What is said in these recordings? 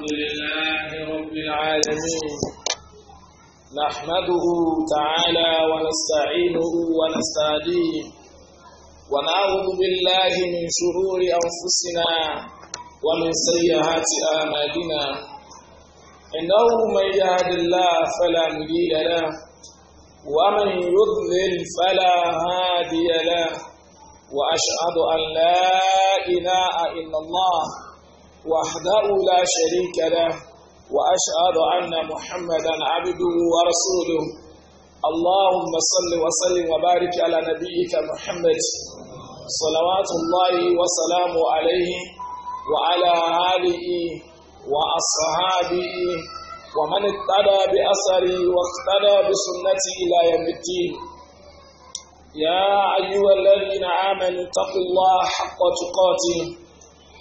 الحمد لله رب العالمين نحمده تعالى ونستعينه ونستهديه ونعوذ بالله من شرور أنفسنا ومن سيئات أعمالنا إنه من يهد الله فلا مضل له ومن يضلل فلا هادي له وأشهد أن لا إله إلا الله وحده لا شريك له واشهد ان محمدا عبده ورسوله اللهم صل وسلم وبارك على نبيك محمد صلوات الله وسلامه عليه وعلى اله واصحابه ومن اقتدى باثره واقتدى بسنته الى يوم الدين يا ايها الذين امنوا اتقوا الله حق تقاته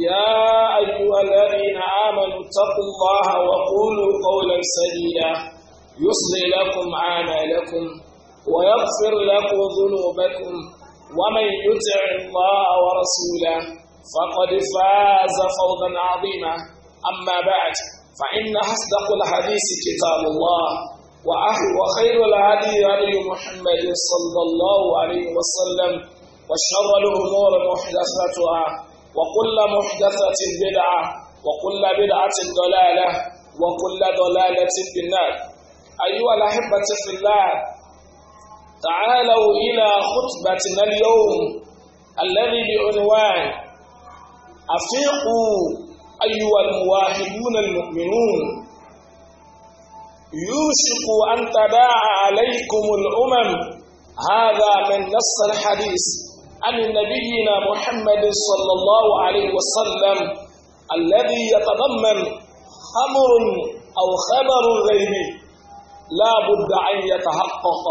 يا أيها الذين آمنوا اتقوا الله وقولوا قولا سديدا يصلي لكم لكم ويغفر لكم ذنوبكم ومن يطع الله ورسوله فقد فاز فوزا عظيما أما بعد فإن أصدق الحديث كتاب الله وخير الهدي هدي محمد صلى الله عليه وسلم وشر الأمور محدثاتها وكل محدثة بدعة وكل بدعة ضلالة وكل ضلالة في النار أيها الأحبة في الله تعالوا إلى خطبتنا اليوم الذي بعنوان أفيقوا أيها المواهبون المؤمنون يوشك أن تباع عليكم الأمم هذا من نص الحديث عن نبينا محمد صلى الله عليه وسلم الذي يتضمن خبر أو خبر غيب لا بد أن يتحقق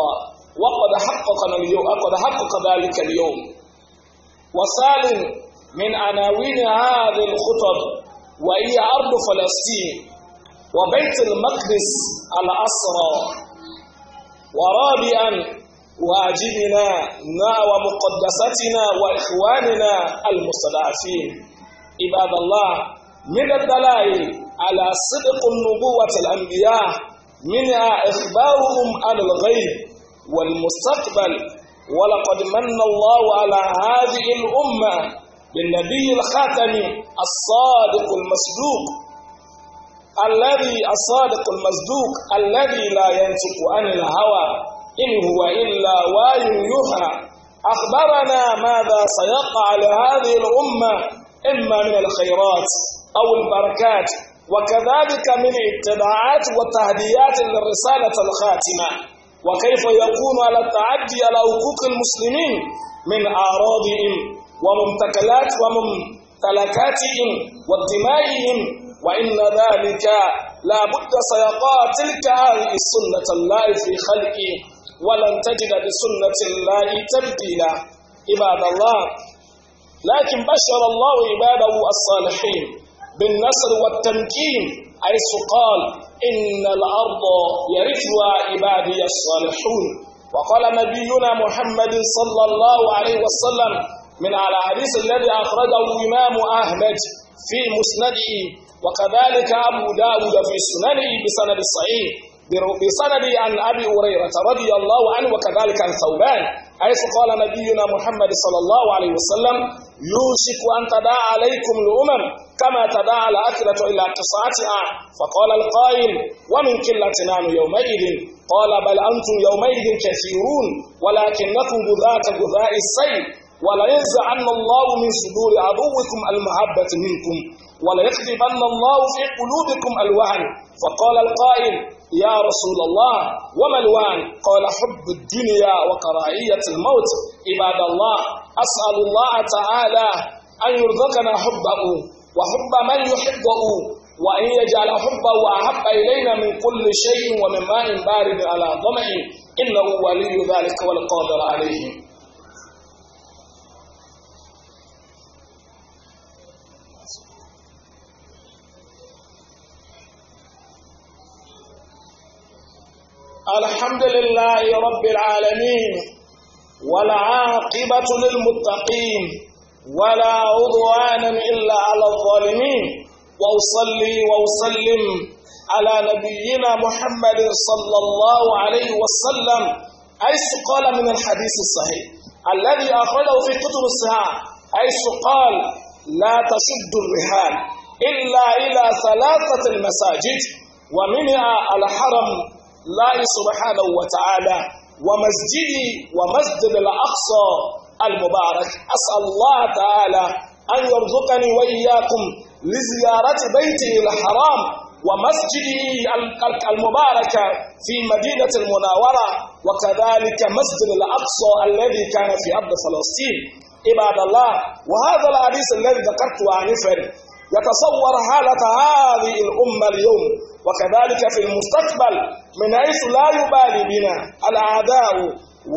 وقد حقق اليوم وقد حقق ذلك اليوم وسالم من عناوين هذه الخطب وهي أرض فلسطين وبيت المقدس الأسرى ورابعا واجبنا نا ومقدساتنا وإخواننا المستضعفين عباد الله من الدلائل على صدق النبوة الأنبياء منها إخبارهم عن الغيب والمستقبل ولقد من الله على هذه الأمة بالنبي الخاتم الصادق المصدوق الذي الصادق المصدوق الذي لا ينطق عن الهوى إن هو إلا وعي يوحى أخبرنا ماذا سيقع لهذه الأمة إما من الخيرات أو البركات وكذلك من اتباعات وتهديات للرسالة الخاتمة وكيف يكون على التعدي على حقوق المسلمين من أعراضهم وممتكلات وممتلكاتهم ودمائهم وإن ذلك لا بد سيقع تلك هذه السنة الله في خلقه ولن تجد لسنة الله تبديلا عباد الله لكن بشر الله عباده الصالحين بالنصر والتمكين حيث قال إن الأرض يرثها عبادي الصالحون وقال نبينا محمد صلى الله عليه وسلم من على حديث الذي أخرجه الإمام أحمد في مسنده وكذلك أبو داود في سننه بسند الصحيح بسند عن ابي هريره رضي الله عنه وكذلك عن ثوبان حيث قال نبينا محمد صلى الله عليه وسلم يوشك ان تداعى عليكم الامم كما تداعى الاكله الى قصعتها فقال القائل ومن قله نحن يومئذ قال بل انتم يومئذ كثيرون ولكنكم غذاء غذاء السيل ولينزعن الله من صدور عدوكم المحبة منكم وليكذبن الله في قلوبكم الوهن فقال القائل يا رسول الله وما الوان قال حب الدنيا وكراهية الموت عباد الله أسأل الله تعالى أن يرزقنا حبه وحب من يحبه وأن يجعل حبه أحب إلينا من كل شيء ومن ماء بارد على ظمأ إنه ولي ذلك والقادر عليه الحمد لله رب العالمين والعاقبة للمتقين ولا عدوان إلا على الظالمين وأصلي وأسلم على نبينا محمد صلى الله عليه وسلم حيث قال من الحديث الصحيح الذي أخرجه في كتب الصحاح حيث قال لا تشد الرحال إلا إلى ثلاثة المساجد ومنها الحرم الله سبحانه وتعالى ومسجدي ومسجد الأقصى المبارك أسأل الله تعالى أن يرزقني وإياكم لزيارة بيته الحرام ومسجده المبارك في مدينة المناورة وكذلك مسجد الأقصى الذي كان في أرض فلسطين عباد الله وهذا الحديث الذي ذكرته عن يتصور حالة هذه الأمة اليوم وكذلك في المستقبل من حيث لا يبالي بنا الأعداء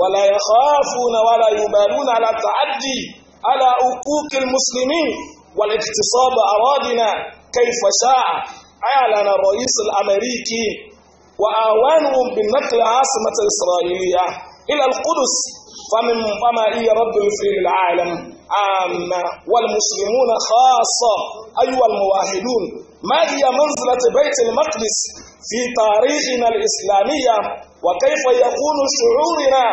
ولا يخافون ولا يبالون على التعدي على حقوق المسلمين والاغتصاب اراضينا كيف شاء أعلن الرئيس الأمريكي وأعوانهم بالنقل عاصمة إسرائيلية إلى القدس فمن فما هي رد في العالم عامة والمسلمون خاصة أيها الموحدون ما هي منزلة بيت المقدس في تاريخنا الإسلامية وكيف يكون شعورنا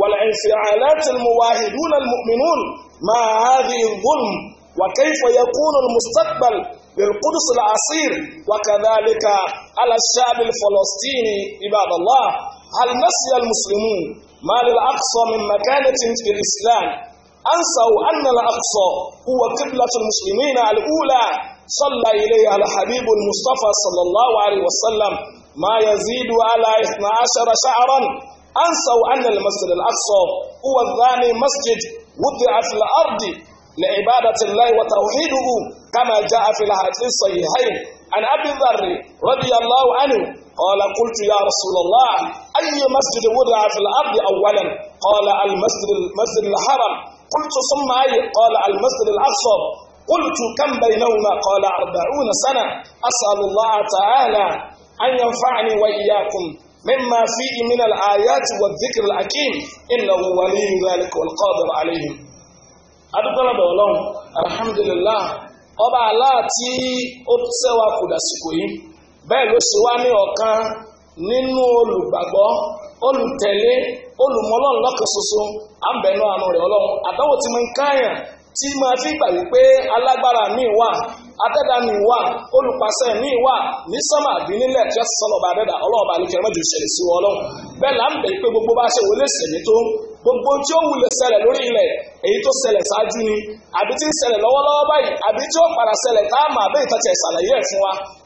والانفعالات الموحدون المؤمنون مع هذه الظلم وكيف يكون المستقبل للقدس العصير وكذلك على الشعب الفلسطيني عباد الله هل نسي المسلمون ما للأقصى من مكانة في الإسلام أنسوا أن الأقصى هو قبلة المسلمين الأولى صلى إليها الحبيب المصطفى صلى الله عليه وسلم ما يزيد على 12 شعرا أنسوا أن المسجد الأقصى هو الثاني مسجد وضع في الأرض لعبادة الله وتوحيده كما جاء في الحديث الصحيحين عن أبي ذر رضي الله عنه قال قلت يا رسول الله أي مسجد وضع في الأرض أولا قال المسجد المسجد الحرم قلت ثم أي قال المسجد الأقصى قلت كم بينهما قال أربعون سنة أسأل الله تعالى أن ينفعني وإياكم مما فيه من الآيات والذكر الحكيم إنه ولي ذلك والقادر عليه أدبنا بولون الحمد لله أبا لا تي أبسوا كدسكوين bẹ́ẹ̀ ló sì wá ní ọ̀kan nínú olùgbàgbọ́ olùtẹ̀lé olùmọ́lọ́run lọ́kàn ṣoṣo àbẹ̀nú àánú rẹ̀ ọlọ́run àdánwò tí mo ń káyàn tí máa fi gbà wípé alágbára mi wà adẹ́dà mi wà olùpàṣẹ mi wà ní sọ́mà àbí nílẹ̀ tí ó sì sọ́nà ọba adẹ́dà ọlọ́run ọba àlejò ẹ̀rọ ìṣẹ̀lẹ̀ sí wọn ọlọ́run bẹ́ẹ̀ là ń bẹ̀ pé gbogbo bá ṣe wọlé ṣẹ̀mí tó gbogbo tí ó wulẹ̀ ṣẹlẹ̀ lórí ilẹ̀ èyí tó ṣẹlẹ̀ ṣáájú ni àbí tí ń ṣẹlẹ̀ lọ́wọ́lọ́wọ́ báyìí àbí tí ó padà ṣẹlẹ̀ táàmù àbẹ́ ìtọ́jú ẹ̀ ẹ̀ fún wa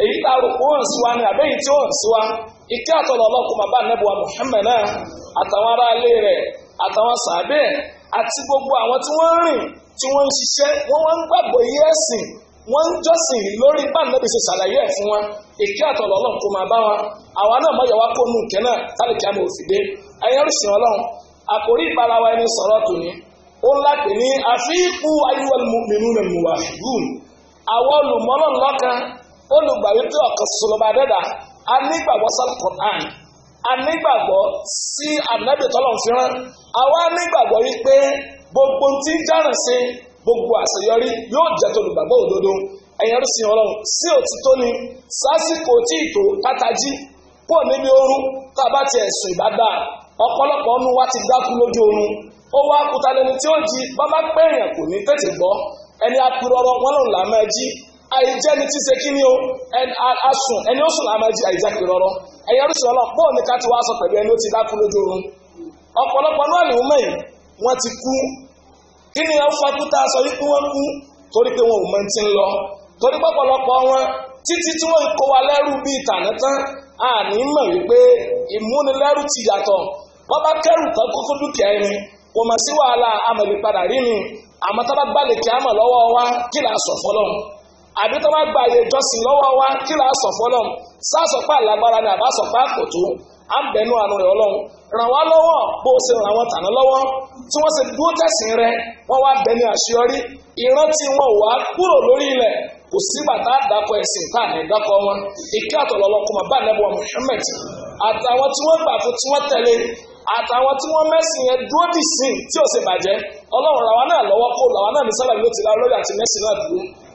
èyí tá a rò kó hàn sí wa ni àbẹ́yìí tí ó hàn sí wa ìkẹ́ àtọ̀lọ̀ ọlọ́kùn bàbá nẹ́bùwà Muhammad náà àtàwọn aráalé rẹ̀ àtàwọn sàbẹ̀ àti gbogbo àwọn tí wọ́n ń rìn tí wọ́n ń ṣiṣẹ́ wọ́n wọ́n ń gbàgbọ́ iye ẹ̀sìn wọ́n ń jọ́sìn lórí báńdẹ́bí ṣe ṣàlàyé ẹ̀ fún wọn ìkẹ́ àtọ̀lọ̀ ọlọ́run bá wọn àwa náà mọ̀ yọ̀wá kó nù náà láti a mọ̀ òfìdé ẹ̀yẹ́rìsìn ọlọ́run àkórí ìbára wa ẹni sọ̀rọ̀ tòní ó àwọn olùmọ́lọ́n lọ́kàn olùgbà wípé ọ̀kan sọlọ́mọ adẹ́dà a nígbàgbọ́ sálà Qur'an a nígbàgbọ́ sí ànábì tọ́lọ̀ fìràn àwa nígbàgbọ́ wípé gbogbo tí ń járàn sí gbogbo àṣeyọrí yóò jẹ́ tolùgbàgbọ́ òdodo ẹ̀yìn ẹrú sin ọlọ́run sí òtítọ́ ni sásìkò tí ìtò kátají pọ̀ níbi oorun tá a bá ti ẹ̀sùn ìbádá ọ̀pọ̀lọpọ̀ ọ̀nù wa ti dákú lójú oorun ó wá kúta lẹni tí ó jí bábá pẹ́yìn kò ní tètè gbọ́ ẹni apirọ̀rọ̀ wọn lòun là máa jí àìjẹ́ ni ti ṣe kí ni o asùn ẹni ó sùn àmọ́ jí àìjẹ́ pé rọ́rọ́ ẹ̀yẹ rúṣin ọlọ́ pọ́ ní ká ti wá sọ pẹ̀lú ẹni ó ti dákú lójú oorun ọ̀pọ̀lọpọ̀ náà lè mọ̀ yìí wọ́n ti kú kí ni wọ́n fakú tá a sọ yìí pé wọ́n kú torí pé wọn ò mọ ti ń lọ torí pọ̀pọ̀lọpọ̀ wọn títí tí wọ́n kó wa lẹ́rú bíi tànátán àní mọ̀ wípé ìmúnilẹ́rú ti yàtọ̀ wọ́n bá kẹ́rù kan kó fún dúkìá ẹni kò mọ̀ sí wàhálà amẹ̀lẹ́padà rí mi àmọ́ tá bá gbàlè kí á mọ̀ lọ́wọ́ wa kí là á sọ fọlọ́run àbí tó bá gba àyè ìjọsìn lọ́wọ́ wa kí là á sọ fọlọ́n sásọpá lágbára ni àbásọpá kò tó à ń bẹnu àánú rẹ ọlọ́run ràn wá lọ́wọ́ bó o ṣe ràn wọ́n tàná lọ́wọ́ tí wọ́n ṣe dúró tẹ̀sìn rẹ wọ́n wá bẹni àṣeyọrí ìrántí wọn wá kúrò lórí ilẹ̀ kò sígbà tá a dákọ ẹ̀sìn tá a ní dákọ wọn ìkí àtọ̀lọ́lọ́kùn bàbá àdẹ́bọ̀ Muhammad àtàwọn tí wọ́n gbà fún tí wọ́n tẹ̀lé àtàwọn tí wọ́n mẹ́sìn yẹn dúró dì sí tí ò sì bàjẹ́ ọlọ́run làwa náà lọ́wọ́ kó làwa náà ní sábà yóò ti la olórí àti mẹ́sìn náà dúró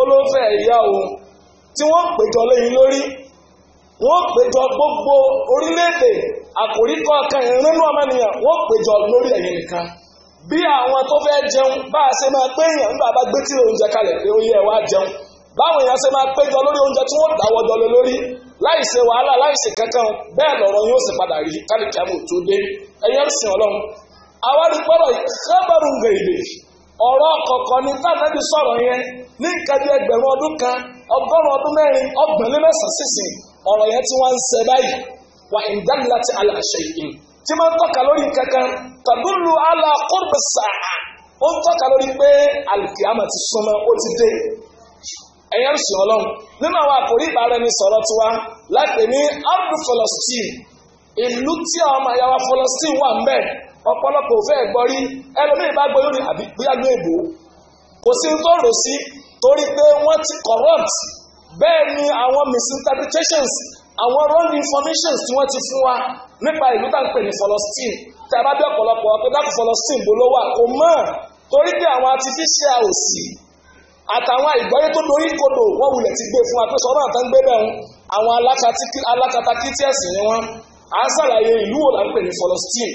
olóńfẹ́ ìyá òun tí wọ́n péjọ lẹ́yìn lórí wọ́n péjọ gbogbo orílẹ̀-èdè àkòríkọ́ kan ìrìnnú ọmọnìyàn wọ́n péjọ lórí ẹ̀yìn nìkan bí àwọn tó fẹ́ jẹun bá a ṣe máa pé èèyàn nígbà bá gbé tí oúnjẹ kalẹ̀ pé ó yẹ wá jẹun báwọn èèyàn ṣe máa péjọ lórí oúnjẹ tí wọ́n dáwọ́ jọ lé lórí láì ṣe wàhálà láì ṣe kankan bẹ́ẹ̀ lọ̀rọ̀ yóò sì padà rí kálíkì tó dé ẹ̀yẹ́ ń sìn ọlọ́run àwa rí pọ́lọ̀ ìkábàrún gbèrè ọ̀rọ̀ kọ̀ọ̀kan ní fẹ́ẹ̀nẹ́bí sọ̀rọ̀ yẹn ní nǹkan bí ẹgbẹ̀rún ọdún kan ọgọ́rùn ọdún mẹ́rin ọgbọ̀nlé mẹ́sàn-án sísìn ọ̀rọ̀ yẹn tí wọ́n ń ṣe báyìí wà ìdánilá ti aláṣẹ yìí tí máa ń tọ́ka lórí kankan tàdúlù alákùrbẹ̀sà ó ń tọ́ka lórí pé alìkìyàmà ti súnmọ́ ó ti dé ẹ̀yẹ́ ń sìn ọlọ́run nínú àwọn àkòrí ìbára ẹni sọ̀rọ̀ tiwa láti ní ardu Palestine ìlú tí àwọn ọmọ ayáwa Palestine wà ń bẹ́ẹ̀ ọ̀pọ̀lọpọ̀ òfẹ́ ẹ̀gbọ́ rí ẹlòmíì bá gbọ́ lórí àbí gbéyàgbé èbó kò sí tó rò sí torí pé wọ́n ti corrupt bẹ́ẹ̀ ni àwọn misinterpretations àwọn wrong informations tí wọ́n ti fún wa nípa ìlú tá à ń pè ní Palestine tí a bá bí ọ̀pọ̀lọpọ̀ ọ̀pẹ dákù Palestine bó ló wà kò mọ̀ torí pé àwọn artificial òsì àtàwọn àìgbọ́yé tó dorí kodò wọ́n wulẹ̀ ti gbé fún wa pé sọ́nà àtàn gbé bẹ́ẹ̀ àwọn alákatakítí ẹ̀sìn ni wọ́n à ń sàlàyé ìlú wo là ń pè ní Palestine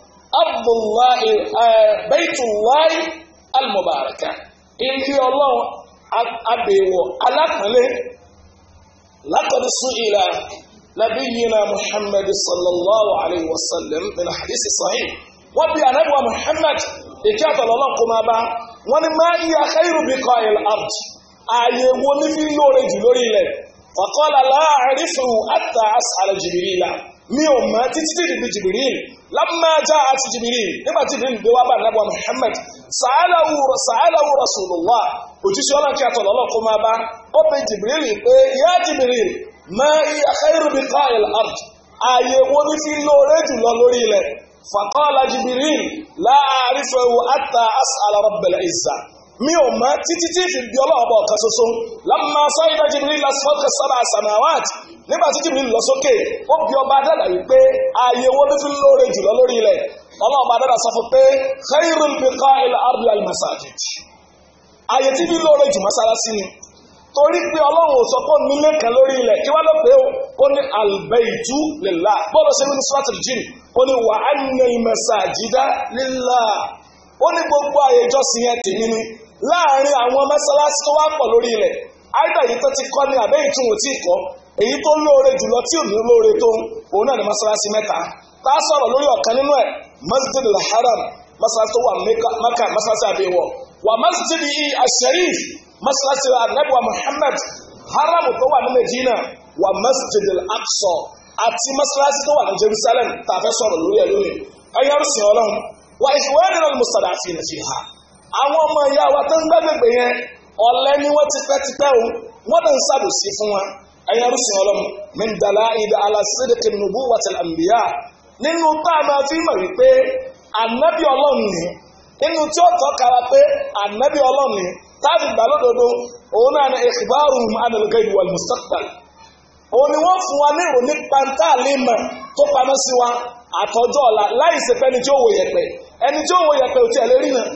abdullahi baitullahi almubaraka ilé ọlọ́run abèwọ̀ alápẹ̀lẹ̀ látọ̀dí sí ilà nabiyyina muhammad sallallahu alayhi wa sallam min hadisi sahih wọ́n bí anabiwa muhammad ìkí àtọ̀lọ́lọ́n kó máa bá wọ́n ní máa ń yà khairu bíkọ́ il ard ààyè wo ní fi lóore jù lórí ilẹ̀ faqala la a'rifu hatta as'ala jibirila mi ò mọ̀ títí tí ìdìbò jìbìrìn lámájá àti jìbìrìn nígbà tí ìbìrìn gbé wá bá nàbọ̀ Muhammad sàálàwù rasulullah òjíṣẹ́ ọlọ́run kí atọ̀ lọ́lọ́ kó máa bá ó pe jìbìrìn pé yá jìbìrìn mọ khairu biqa al-ard ààyè wo ní fi lóore jùlọ lórí ilẹ̀ faqala jìbìrìn la a'rifuhu hatta as'ala rabbil izza mi ò mọ̀ títí tí ìfìdí ọlọ́ọ̀bọ̀ kan ṣoṣo lámà sáyidá nígbà tí jìbìrì lọ sókè ó bi ọba dàdà yìí pé ààyè wo ló fi lóore jùlọ lórí ilẹ̀ ọlọ́run ọba dàdà sọ fún pé khairul biqa'il ardi al masajid ààyè tí bí lóore jù mọ́sálásí ni torí pé ọlọ́run ò sọ pé nílé kan lórí ilẹ̀ kí wá ló pé ó ní albaitu lillah bọ́ọ̀lù sí ní suratul jinn ó ní wa annal masajida lillah ó ní gbogbo ààyè ìjọsìn yẹn tèmi ni láàárín àwọn mọ́sálásí tó wá pọ̀ lórí ilẹ̀ àìdá yìí tó ti kọ́ ni àbẹ́ ìtumọ̀ tí ì kọ́ èyí tó lóore jùlọ tí ò ní lóore tó òun náà ni masalasi tá a sọ̀rọ̀ lórí ọ̀kan nínú ẹ̀ masjid masalasi tó wà mẹ́ka masalasi àbẹ̀wọ̀ wà masjid yìí asharif masalasi wa muhammad haram tó wà ní medina wà masjid al àti masalasi tó wà ní jerusalem tá a lórí lónìí wà ìfowópamọ́ àwọn wa tó ń yẹn wọ́n ti ti o wọ́n ń fún ẹ̀yẹ rúṣin ọlọ́mù mẹ́ndàlá ìdá alásídìkì nùbú wàtàlá àmbíyá nínú tá a máa fi mọ̀ wípé ànábì ọlọ́run ni nínú tí ó tọ́ka wa pé ànábì ọlọ́run ni táàbì gbàlódodo òun náà ni ìkìbáàrù ànàlùkẹ́ ìwà mustaqbal òun ni wọ́n fún wa ní ìròyìn nípa táàlì mọ̀ tó pamọ́ sí wa àtọ́jọ́ ọ̀la láì ṣe ẹni tí ó wo yẹ̀pẹ̀ ẹni tí ó wo yẹ̀pẹ̀ ò tiẹ̀ lérí náà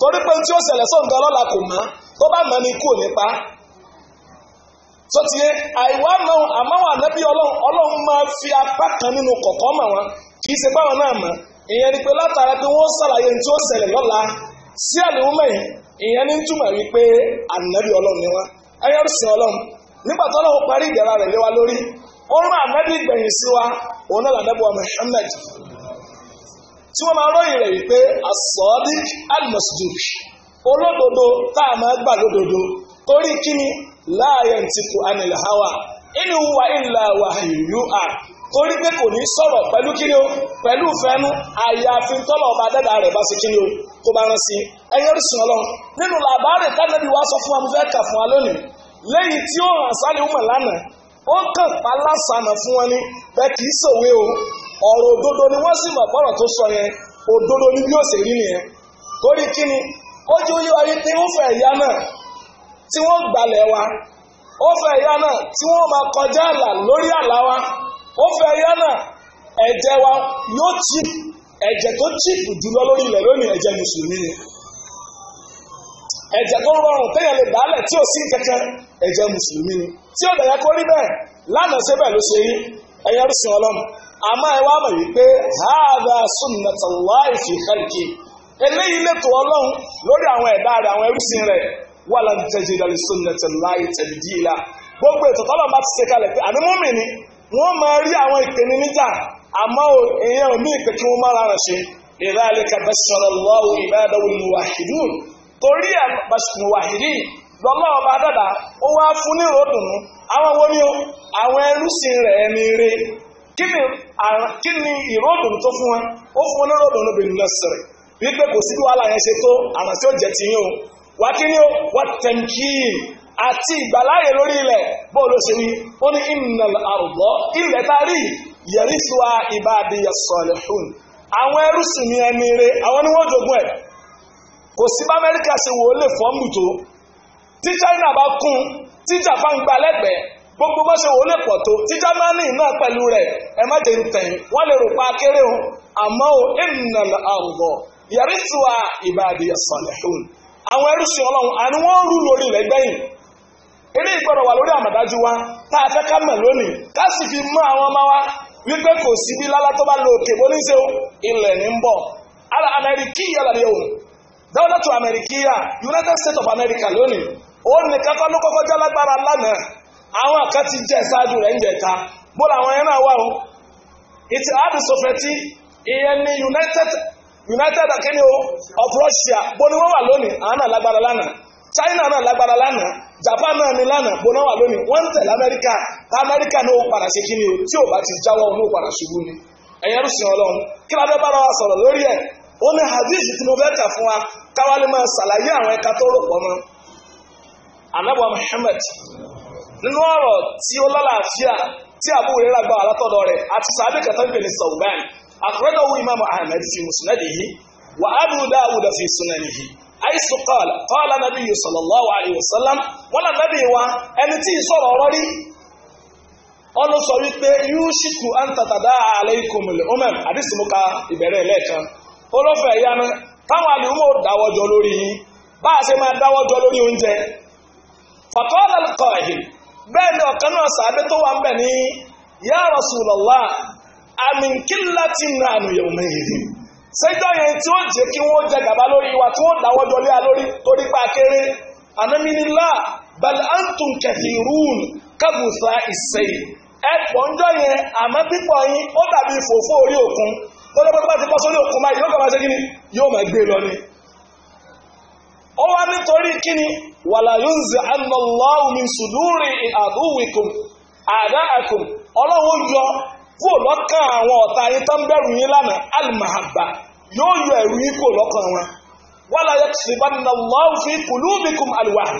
torí pé tí ó ṣẹlẹ̀ sóńdọ́ ọlọ́la kò mọ́ tó bá mọ́ ni ikú ò ní pa sọtìyẹ àìwá náà àmáwọn ànábì ọlọ́run ọlọ́run máa fi apá kan nínú kọ̀kọ́ mọ̀ wọn kì í ṣe báwọn náà mọ̀ ìyẹn ni pé látara pé wọ́n ṣàlàyé ní tí ó ṣẹlẹ̀ lọ́la sí àlùmọ́ mẹ́yìn ìyẹn ní túmọ̀ wípé ànábì ọlọ́run ni wọn ẹyẹ sìn ọlọ́run nígbà tó ọlọ́run parí ìdára rẹ̀ lé wa lórí ó rán ànábì gbẹ̀yìn sí wa òun náà làdábọ̀ Muhammad tí wọ́n máa ròyìn rẹ̀ wípé as-sadiq al-masduq olódodo tá a máa gbà lódodo torí kíni la yantiqu anil hawa inu huwa illa wa yuha torí pé kò ní sọ̀rọ̀ pẹ̀lú kíni o pẹ̀lú ìfẹ́nu àyàfi tọ́lọ̀ ọba deda rẹ̀ bá ṣe kíni o tó bá rán sí i ẹ̀yẹ́ rí sùn ọlọ́run nínú làbárè tánàbí wa sọ fún wa mo fẹ́ kà fún wa lónìí lẹ́yìn tí ó hàn sálẹ̀ ọmọ lánàá ó kàn pa fún wọn ní bẹ́ẹ̀ kì í sòwe o ọ̀rọ̀ òdodo ni wọ́n sì mọ̀ bọ́rọ̀ tó sọ yẹn òdodo ni bí ó ṣe rí nìyẹn torí kíni ó jẹ́ oyè wáyé pé ó fẹ́ náà tí wọ́n gbalẹ̀ wa ó fẹ́ yá náà tí wọ́n máa kọjá àlà lórí àlà wa ó fẹ́ yá náà ẹ̀jẹ̀ wa yóò chip ẹ̀jẹ̀ tó chip jùlọ lórí ilẹ̀ lónìí ẹ̀jẹ̀ mùsùlùmí ni ẹ̀jẹ̀ tó rọrùn téèyàn lè tí ò mùsùlùmí ni tí kó rí bẹ́ẹ̀ lánàá bẹ́ẹ̀ ló ṣe ẹ̀yẹ rí sin ọlọ́run àmọ́ ẹ wá mọ̀ wípé hàdà eléyìí lẹ́tọ̀ọ́ ọlọ́run lórí wàhálà ń tẹ́jú ìdálẹ́ sunnata láì tabdila gbogbo ètò tọ́lọ̀ bá ti ṣe kalẹ̀ pé àní mùmínì wọ́n máa rí àwọn ìpinnu níjà àmọ́ èèyàn mí ìpè kí wọ́n má rárá ṣe lidhalika bashshara Allahu ibadahu al-muwahhidun torí ẹ̀ muwahhidin lọ́lọ́wọ́ bá dàda ó wá fún ní ròdùnú àwọn wo ni ó àwọn ẹlúsìn rẹ̀ ẹni rẹ̀ kí ni ìròdùnú tó fún wọn ó fún ní ròdùnú bil nasri wípé kò sí wàhálà yẹn ṣe tó àrùn tí ó jẹ ti o wákíní ó wàtẹ̀ǹkì àti ìgbàláyè lórí ilẹ̀ bóòlù ṣe ní ó ní innal àrùbọ́ ilẹ̀ tá a rí yẹrí fúwa ìbáàdì yasọ̀lẹ̀hún àwọn ẹrú sì ní ẹni rẹ àwọn ni wọ́n jogún ẹ̀ kò sí bá amẹ́ríkà ṣe wò ó lè fọ́ọ̀mù tó tí China bá kún tí Japan gbà lẹ́gbẹ̀ẹ́ gbogbo bó ṣe wò ó lè pọ̀ tó tí Germany náà pẹ̀lú rẹ̀ ẹ má jẹ́ ntẹ̀yìn wọ́n lè rò pa akéré o àmọ́ o innal àrùbọ̀ yẹrí fúwa ìbáàdì yasọ̀lẹ̀hún àwọn ẹrúsìn ọlọ́run àni wọ́n rú lórí ilẹ̀ gbẹ̀yìn eré ìgbọ́dọ̀ wà lórí àmọ̀dájú wa tá a fẹ́ ká mọ̀ lónìí ká sì fi mọ́ àwọn ọmọ wa wípé kò sí bí lálá tó bá lo òkè bó ní ṣe ilẹ̀ ní ń bọ̀ ara United States of America lónìí ó ní kápá ló kọ́kọ́ já lágbára lánàá àwọn àká ti jẹ́ ṣáájú rẹ̀ ń bó làwọn wà ìtì ìyẹn United United akíní o of Russia bóni wọ́n wà lónìí àwọn náà lágbára lánàá China náà lágbára lánàá Japan náà ní lánàá bóni wọ́n wà lónìí wọ́n ń tẹ̀lé Amẹ́ríkà Amẹ́ríkà náà ó padà sí kíní o tí ò bá ti jáwọ́ ọ̀hún ó padà ṣubú ni ẹ̀yẹn rúṣin Ọlọ́run kí ló dé bára wa sọ̀rọ̀ lórí ẹ̀ ó ní hadith tí mo fẹ́ kà fún wa káwá máa ṣàlàyé àwọn ẹ̀ka tó rò pọ̀ mọ́ anabu Muhammad nínú ọ̀rọ̀ tí ó lálàáfíà tí àbúrò rẹ̀ gbà látọ̀dọ̀ rẹ̀ àti sàbẹ̀kẹ̀tàn gbè أخرجه الإمام أحمد في مسنده وأبو داود في سننه حيث قال قال النبي صلى الله عليه وسلم ولا نبي wa ẹni tí ìsọ̀rọ̀ ọ̀rọ̀ rí ọlọ sọ wípé yúṣìkù àǹtàtàdá àlẹ́kùn mìlẹ̀ ọmọm àdìsímúka ìbẹ̀rẹ̀ lẹ́ẹ̀kan olófẹ́ ìyanu táwọn àlùmọ́ dáwọ́jọ lórí yín bá a ṣe máa dáwọ́jọ lórí oúnjẹ fàtọ́lá kọ̀ọ̀hìn bẹ́ẹ̀ ni ọ̀kan náà sàbẹ́ tó wà ń bẹ̀ ní yá Rasulullah àmìkíláti ra nù yẹ̀wò mẹ́rin sẹ́jọ́ yẹn tí ó o kí wọ́n jẹ gàba lórí wa tí wọ́n dáwọ́ jọlé alórí torí pa kéré ànámínilá bal antum kathirun kábùsà ìsẹ́yìn ẹ̀pọ̀ ń jọ yẹn àmọ́ pípọ̀ yín ó dàbí fòfó orí òkun tó so bá ti pọ́ sórí òkun báyìí yóò kọ́ máa ṣe yóò máa gbé lọ ni. ó wá nítorí ọlọ́run yọ kúrò lọ́kàn àwọn ọ̀tá yín tó ń bẹ̀rù yín lánàá alimahaba yóò yọ ẹ̀rù yín kúrò lọ́kàn wọn. wala yaksibanna Allahu fi qulubikum alwahn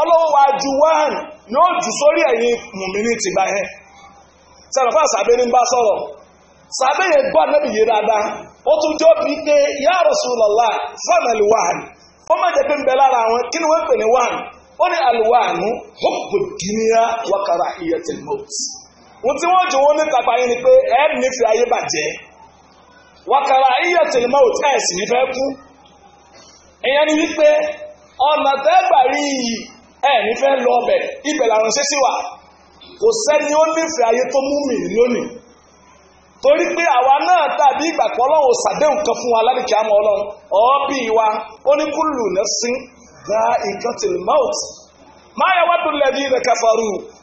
ọlọ́wọ́ wa ju wáhàn yóò jù sórí ẹ̀yin mùmíní ti bá yẹn. sẹ́lẹ̀fà sàbẹ̀ ní bá sọ̀rọ̀ sàbẹ̀ yẹn gbọ́ anábì yé dáadáa ó ya Rasulullah fún alwahn ohun tí wọ́n jù wọ́n ní kápá yín ni pé ẹ nífẹ̀ẹ́ ayé bàjẹ́ wàkàrà ayé tèlémọ́ ò tẹ́ ẹ̀sìn fẹ́ kú ìyẹn ni wípé ọ̀nà tẹ́gbà rí iyì ẹ̀ nífẹ̀ẹ́ lọ ọbẹ̀ ibẹ̀ làrùn ṣe sí wa kò sẹ́ni ó nífẹ̀ẹ́ ayé tó mú mi lónìí torí pé àwa náà tàbí ìgbàpọ̀ ọlọ́run ṣàdéhùn kan fún wa lálùkí àmọ́ ọlọ́run ọ̀ọ́bì wa ó ní kúlù náà gba nǹkan tèlémọ́ ò máa yẹ wá tó lẹ́bí rẹ̀ káfàrú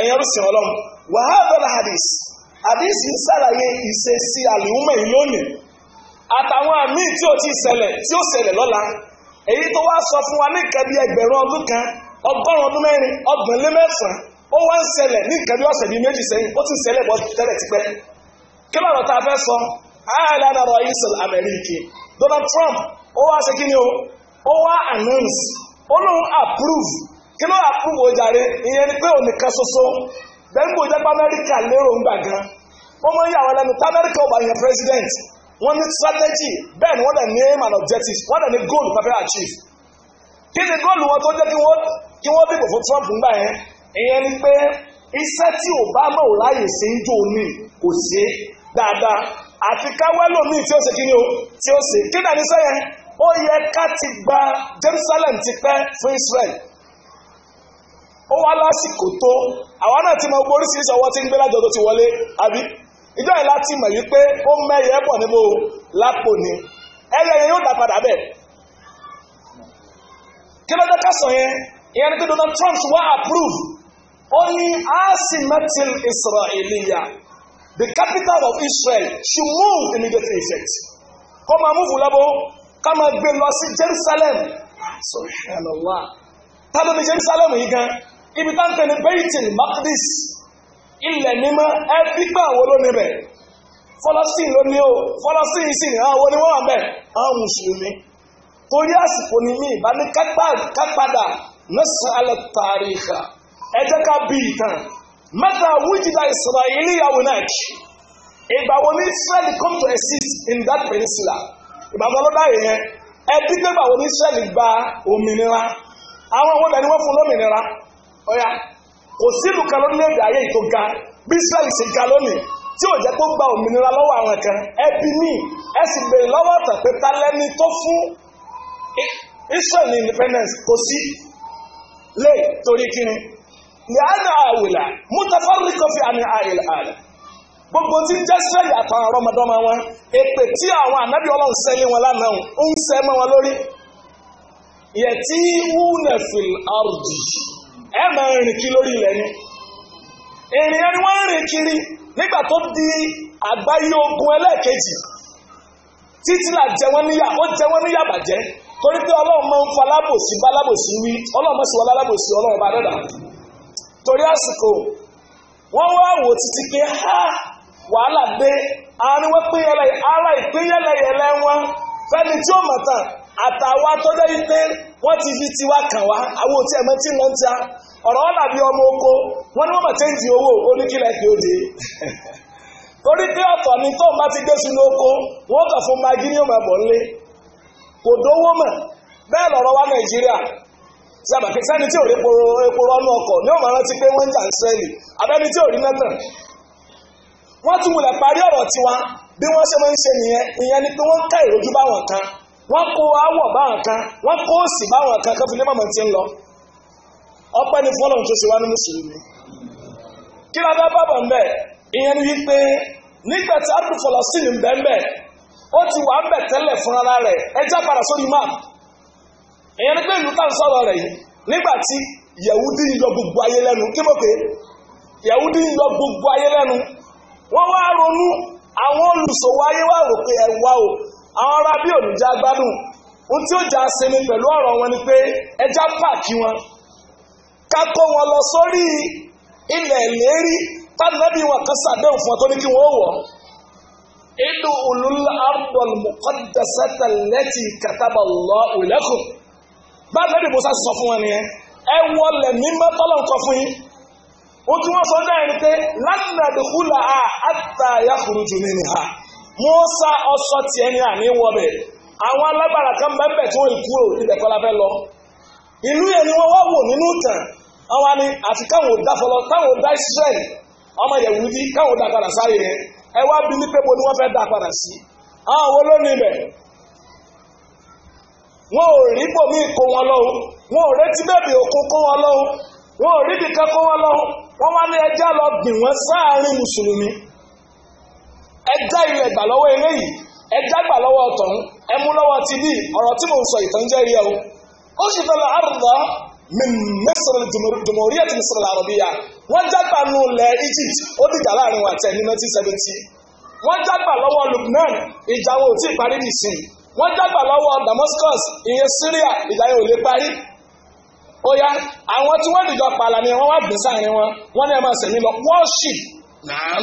ẹ̀yẹ́rú sìn ọlọ́run wàhálà hadith hadith ń ṣàlàyé ìṣesí àlùmọ̀ yìí lónìí àtàwọn àmì tí ó ti ṣẹlẹ̀ tí ó ṣẹlẹ̀ lọ́la èyí tó wá sọ fún wa ní nǹkan bí ẹgbẹ̀rún ọdún kan ọgọ́rùn ọdún mẹ́rin ọgbọ̀n lé mẹ́sàn-án ó wá ń ṣẹlẹ̀ ní nǹkan bí ọ̀sẹ̀ bíi méjì sẹ́yìn ó ti ṣẹlẹ̀ bọ́ tẹ́lẹ̀ tipẹ́ kí lọ́rọ̀ tá a fẹ́ sọ àìlànà rais amẹ́ríkì Donald Trump ó wá ṣe kí ni o ó wá announce ó lóun approve kí ló àpúwò jàre ìyẹn ni pé ònìkan ṣoṣo bẹ́ńgbò jẹ́ pamẹ́ríkà lérò ńgbà gan wọ́n mọ̀ ń yàwọn lẹ́nu pamẹ́ríkà ọba yẹn president wọ́n ní strategy bẹ́ẹ̀ ni wọ́n dẹ̀ ní aim and objective wọ́n dẹ̀ ní goal pẹ̀fẹ́ achieve kí ni goal wọn tó jẹ́ kí wọ́n kí wọ́n dìbò fún Trump ńgbà yẹn ìyẹn ni pé iṣẹ́ tí Obama ò láyè sí ń jò ní kò sí dáadáa àti káwẹ́lò míì tí ó ṣe kí ni o tí ó ṣe kí dàní sẹ́yẹn ó yẹ ká ti gba Jerusalem ti pẹ́ fún Israel ó wá lásìkò tó àwa náà ti mọ gbogbo oríṣiríṣi ọwọ́ tí ń gbé lájọ tó ti wọlé àbí ìjọ yìí láti mọ̀ wípé ó mẹ́yẹ bọ̀ níbo lápò ni ẹyẹ yẹn yóò dá padà bẹ́ẹ̀ kí ló kásán yẹn ìyẹn ni pé Donald Trump wá approve ó ní asimatil israeliya the capital of Israel she move immediately effect kó máa mú fúlábó ká máa gbé lọ sí Jerusalem subhanallah tá ló ní Jerusalem yìí gan ibi tá ń pè ní Baitul Maqdis ilẹ̀ mímọ́ ẹ pípẹ́ àwọn olómi bẹ̀ fọlọ́sìn ló ní o fọlọ́sìn sì ní àwọn oníwọ́n wà bẹ̀ àwọn mùsùlùmí torí àsìkò ní mí ìbá ní kápadà nas'ala tàríkà ẹ jẹ́ ká bí ìtàn mẹ́ta wíjìlá Israeli yàwó náà kì ìgbà wo ní Israel come to exist in that peninsula ìgbà wọn lọ́dọ̀ yẹn ẹ dígbẹ́gbà wo ní Israel gba òmìnira àwọn òwúlẹ̀ ni wọ́n fún lómìnira ọ̀yà kò sílùú kan lórílẹ̀‐èdè ayé tó ga bí Israel ṣe ga lónìí tí ò jẹ́ kó gba òmìnira lọ́wọ́ àwọn kan ẹbí ní ẹ sì béèrè lọ́wọ́ ọ̀tàn pé ta lẹ́ni tó fún Israel ní independence kò sí lè torí kíni yàrá àwìlà mútafárí kọfí àmì àìlà àlà gbogbo tí ń jẹ́ Israel àtàwọn ọ̀rọ̀mọdọ́mọ wọn èpè tí àwọn ànábì ọlọ́run sẹ́lé wọn lánàá ń sẹ́ mọ́ wọn lórí yẹtí wúnẹ̀fìl àrùjì ẹ máa kí lórí ilẹ̀ ni ìrìn ẹni wọ́n ń rìn kiri nígbà tó di àgbáyé ogun ẹlẹ́ẹ̀kejì títí là jẹ wọ́n níyà ó jẹ wọ́n níyà bàjẹ́ torí pé ọlọ́run máa ń fa alábòsí bá alábòsí wí ọlọ́run máa ń sèwọ́n alábòsí ọlọ́run bá dọ̀dà torí àsìkò wọ́n wá wò títí pé ha wàhálà dé àárín wọ́n pín yẹlẹ ara ìpín yẹlẹyẹlẹ wọn fẹ́ni tí ó mọ̀ tán àtàwa tọ́jọ́ yìí pé wọ́n ti fi tiwa kàn wá àwọn òtí ẹ̀mọ́ tí wọ́n ń ọ̀rọ̀ wọn ọmọ oko wọn ni wọ́n mọ̀ owó oníkìlẹ̀ fi ó de torí pé ọ̀tọ̀ ni tóun bá ti gbé oko wọn kàn fún magi ní ọmọ ẹ̀bọ̀ kò wa nàìjíríà sẹ́ni tí ò rí epo ọkọ̀ ní ọmọ rántí pé wọ́n ń wọ́n tún wulẹ̀ parí ọ̀rọ̀ bí wọ́n ṣe máa ń ṣe nìyẹn ìyẹn ni pé wọ́n ká wọ́n kó àwọ̀ bá nǹkan wọ́n kó sì bá wọn kan káfíńdé mọ̀mọ́ ti ń lọ ọpẹ́ ni fún ọlọ́run tó ṣe wá ní mùsùlùmí kí ló dá bàbà ń bẹ̀ ìyẹn ni wípé nígbà tí Abdul Falasini ń bẹ́ ń bẹ̀ ó ti wà ń bẹ̀ tẹ́lẹ̀ fún ara rẹ̀ ẹjá padà sórí map ìyẹn ni pé ìlú tá ń sọ̀rọ̀ rẹ̀ yìí nígbà tí Yahudi ń yọ gbogbo ayé lẹ́nu kí mo pé Yahudi ń yọ gbogbo ayé lẹ́nu wọ́n wá ronú àwọn olùsòwò ayé wá rò pé ẹ wá o àwọn ará bí òní já gbádùn ohun tí ó já ni pẹ̀lú ọ̀rọ̀ wọn ni pé ẹja pààkì wọn ká kó wọn lọ sórí ilẹ̀ ìlérí wọn kan sàdéhùn fún ọ tó ní kí wọ́n wọ̀ inú ulul ardil muqaddasata allati kataba Allahu lakum bá sọ fún wọn nìyẹn ẹ wọlé mímọ́ tọ́lọ̀ nǹkan fún yín wọ́n sọ pé lánàá ha. Mùsá ọsọ tiẹ̀ ní àní wọbẹ̀ àwọn alágbára kan bẹ́ẹ̀ tí wọ́n kúrò níbẹ̀ kọ́lá fẹ́ lọ ìlú yẹn ni wọ́n wá wò nínú tàn àwọn ni àti káwọn dá fọlọ káwọn ọmọ yẹ̀wù bí káwọn dá padà sáyé yẹn ẹ wá ni wọ́n fẹ́ dá padà sí àwọn wo ló níbẹ̀ wọn ò rí bòmí kó wọn lọ́wọ́ wọ́n ò retí bẹ́ẹ̀bì òkú wọn lọ́wọ́ wọ́n ò rí wọn lọ́wọ́ wọn ní ẹ já ìrẹ̀ gbà lọ́wọ́ eléyìí ẹ já gbà lọ́wọ́ ọ̀tọ̀hún ẹ mú lọ́wọ́ ti bí ọ̀rọ̀ tí mò ń sọ ìtàn jẹ́ rí ẹ o ó sì fẹ́ lọ àrùdá mẹsàn jùmọ̀rí ẹ̀ tí mo sọ̀rọ̀ àrọ̀bíyà wọ́n jágbà nù lẹ̀ Egypt ó dìjà láàrin wa tẹ̀ ní 1970 wọ́n jágbà lọ́wọ́ Lubnan ìjà wo tí parí nìsín wọ́n jágbà lọ́wọ́ Damascus ìyẹn Syria ìjà yẹn ò lè parí ó yá àwọn tí wọ́n dìjọ pààlà ni wọ́n wá gbèsè àárín wọn wọ́n ní ẹ máa sẹ̀yìn lọ wọ́ọ̀ṣì náà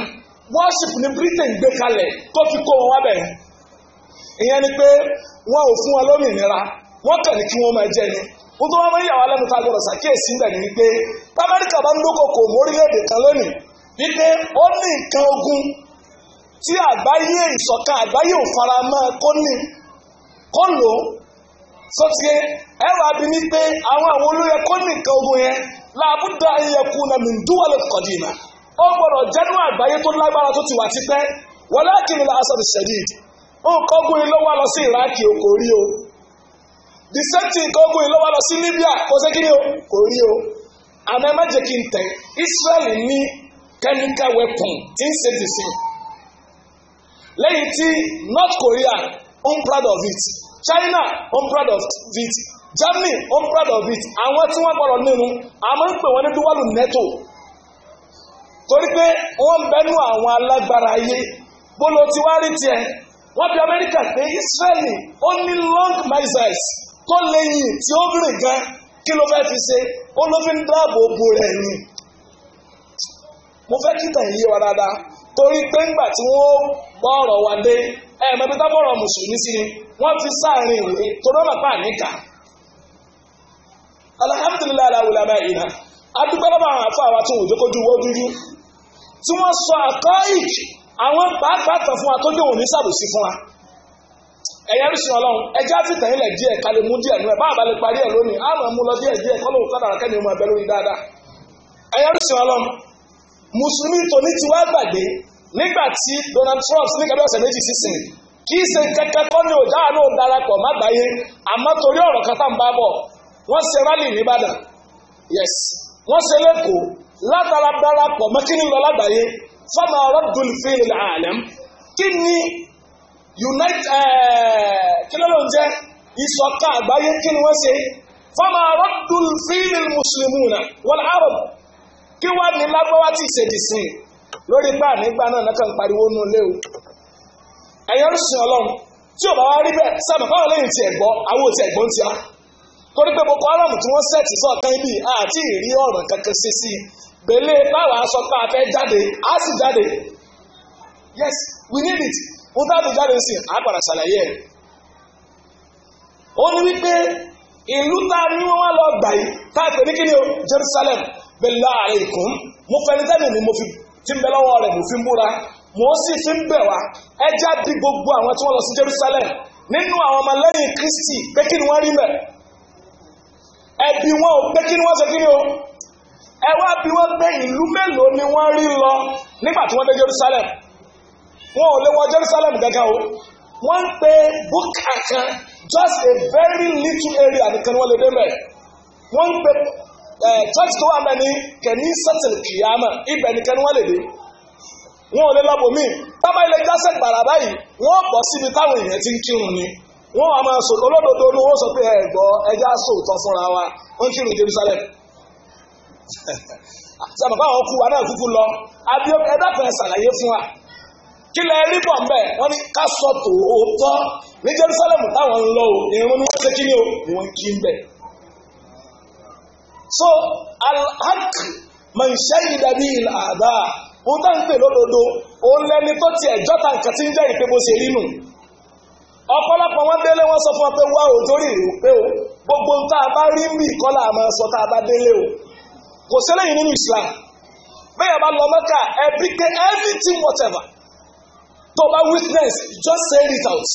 worship ni britain gbé kalẹ̀ kó fi kó wọn wá ìyẹn ni pé wọn ò fún wọn lómìnira wọn ní kí wọn máa jẹ ni wọ́n tó wọ́n máa ń yàwá lẹ́nu tá a gbọ́dọ̀ ṣàkíyèsí níbẹ̀ ni wípé amẹ́ríkà bá ń dókòkò mórílẹ̀-èdè kan lónìí ó ní nǹkan ogun tí àgbáyé ìṣọ̀kan àgbáyé kó ní kó lò ó ó gbọ́dọ̀ jẹ́nu àgbáyé tó lágbára tó ti wà tipẹ́ wọ́n láti rìn asad shadid nǹkan ogun ilé wa lọ sí iraki o kò rí o the same thing nǹkan ogun ilé lọ sí libya kò sí kí ni o kò rí o àmọ́ ẹ má jẹ́ kí n tẹ̀ israel ní chemical weapon tí ń ṣe dìsí lẹ́yìn tí north korea I'm proud of it china I'm proud of it germany I'm proud of it àwọn tí wọ́n gbọ́dọ̀ nínú àmọ́ ń pè wọ́n ní duwalu neto torí pé wọ́n ń bẹnu àwọn alágbára ayé bóló ti wá rí tiẹ̀ wọ́n bí amẹ́ríkà pé israeli ó ní long missiles tó lẹ́yìn tí ó rìn gan kí ló fẹ́ fi ṣe ó ló fi ń dáàbò bo rẹ̀ ni. mo fẹ́ kíta ìyé wa dáadáa torí pé ńgbà tí wọ́n bọ́ ọ̀rọ̀ wa dé ẹ̀ẹ̀mẹ́bí tábọ̀rọ̀ mùsùlùmí sí ni wọ́n fi sáàrin ìwé tó lọ́nà pa àníkà. alhamdulilayi ala wulama yìí na adúgbò lọ́ba àwọn afọ àwọn àti òjòkójú wọ́n dúdú tí wọ́n sọ àkọ́ ìjì àwọn pàápàá tàn fún wa tó dé òní sàbòsí fún wa ẹ̀yà rísun ọlọ́run ẹjẹ́ á ti tẹ̀yìn lẹ̀ díẹ̀ ká lè mú díẹ̀ nú ẹ̀ bá àbálẹ̀ parí ẹ̀ lónìí á máa mú lọ díẹ̀ díẹ̀ kọ́ lóun kádàrá kẹ́ni ọmọ ẹ̀bẹ̀ lórí dáadáa ẹ̀yà rísun ọlọ́run mùsùlùmí tòní ti wá gbàgbé nígbà tí Donald Trump ní kẹ́lẹ́ ọ̀sẹ̀ méjì sísìn kì í ṣe kẹ́kẹ́ kọ́ ní òjá àánú darapọ̀ má gbáyé àmọ́ torí ọ̀rọ̀ kan tá ń bá bọ̀ wọ́n ṣe rálì ní Ìbàdàn yes wọ́n ṣe lẹ́kọ̀ọ́ látara darapọ̀ mọ́ kí ni lọ lágbàáyé fama rọ́dùn fíìlì kí ni unite eh, kí ló ló ń àgbáyé kí ni wọ́n ṣe fama rọ́dùn fíìlì mùsùlùmí arab kí wọ́n ní ti ṣèdì sí lórí gbà nígbà náà kàn pariwo nù lé o ọlọ́run tí bá wá rí bẹ́ẹ̀ pèlè báwa sọ pé a fẹ́ jáde a sì jáde yes we need it mo bá mi jáde sí i àpàrà ṣàlàyé ẹ̀ ó ní wípé ìlú tá a ní wọn lọ gbà yìí tá a tẹ̀lé kíni o Jerusalem billahi alaykum mo fẹ́ni tẹ́lẹ̀ ni mo fi ti ń bẹ lọ́wọ́ rẹ̀ mo fi ń búra mo sì fi ń bẹ̀ wá ẹ jáde gbogbo àwọn tí wọ́n lọ sí Jerusalem nínú àwọn ọmọlẹ́yìn Kristi pé kí ni wọ́n rí mẹ́ ẹbí wọn ò pé kí ni wọ́n ṣe kí ni o ẹ wá bi wọ́n pé ìlú mélòó ni wọ́n rí lọ nígbà tí wọ́n dé Jerusalem wọn ò lè wọ Jerusalem gẹ́gẹ́ o wọ́n ń pe búkà kan just a very little area nìkan wọ́n lè dé mẹ́ wọ́n ń pe church tó wà mẹ́ ní kẹ̀ní sẹ́tìlì kìyàmà ibẹ̀ nìkan wọ́n lè dé wọn ò lè lọ bòmí bábá ilé jásẹ̀ gbàrà báyìí wọ́n bọ̀ síbi táwọn èèyàn ti ń kírun ni wọ́n wà máa sọ olódodo ni wọ́n sọ pé ẹ̀ gbọ́ ẹja sòótọ́ fúnra wa wọ́n kírun Jerusalem sábà báwọn kú wa náà kúkú lọ abíọ́ ẹ̀dá kan ṣàlàyé fún wa kí lẹ rí bọ̀ mbẹ́ wọ́n ní ká sọ tòótọ́ ní Jerusalem táwọn ń lọ o ìrún ni wọ́n ṣe kí ni o wọ́n kí ń bẹ̀. so alhaq man shahida bí ilà àdá òun tá ń pè lódodo òun lẹni tó tiẹ̀ jọ́ta nǹkan tí ń jẹ́ ìpè bó ṣe rí nù. ọ̀pọ̀lọpọ̀ wọn délé wọn sọ fún wa pé wá òjò rí ìrù pé o gbogbo tá a rí ń kọ́lá àmọ́ sọ tá a bá délé o kò sẹ́lẹ̀ yìí nínú Islam bẹ́ẹ̀ bá lọ mẹ́ta everything everything whatever tó bá witness just say it out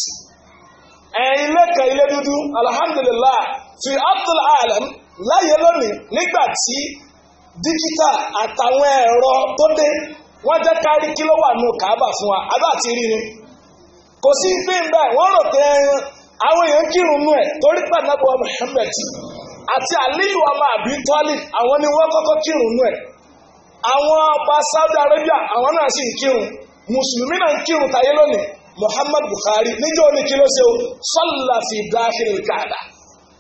ẹ̀yin lẹ́kàn ilé dúdú alhamdulillah fi abdul alam láyé lónìí nígbà tí dígítà àtàwọn ẹ̀rọ tó dé wọ́n jẹ́ kárí kí ló wà nù Káàbà fún wa abá àti rí ni kò sí pé ń bẹ́ẹ̀ wọ́n rò pé àwọn èèyàn kírun nù ẹ̀ torí pàdánù Muhammad àti àlílù ọmọ àbí tọ́lì àwọn ni wọ́n kọ́kọ́ kírun nú ẹ̀ àwọn ọba Saudi Arabia àwọn náà sì ń kírun mùsùlùmí náà ń kírun tayé lónìí Muhammad Buhari níjọ́ ní kí ló ṣe o sọ́là fi dáhìrì káàdà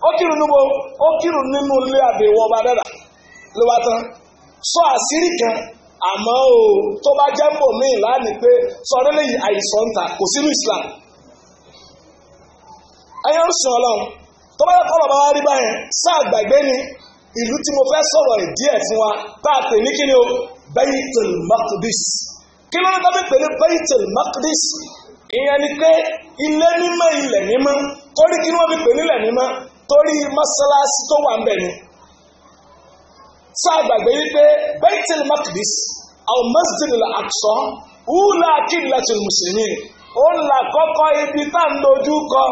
ó kírun níbo ó kírun nínú ilé àbẹ̀wò ọba dẹ́dà ló bá tán sọ àṣírí kan àmọ́ o tó bá jẹ́ pò míì láàánú pé sọ̀rọ̀ lẹ́yìn àìsàn ta kò sínú Islam ẹ̀yọ́ ń sìn ọlọ́run tó bá yẹ kọ́rọ̀ bá wá rí báyẹn sáà gbàgbé ni ìlú tí mo fẹ́ sọ̀rọ̀ díẹ̀ fún wa bá a pè ní kí ni o Baitul Maqdis kí ló ń bá mi pè ní Baitul Maqdis ìyẹn ni pé ilé mímọ́ ilẹ̀ mímọ́ torí kí wọ́n fi pè nílẹ̀ mímọ́ torí mọ́sálásí tó wà ń bẹ̀ ni sáà gbàgbé wípé Baitul Maqdis àwọn Masjidil Aqsa wúlò akíndìlá ti mùsùlùmí ó ń là kọ́kọ́ ibi tá à ń dojú kọ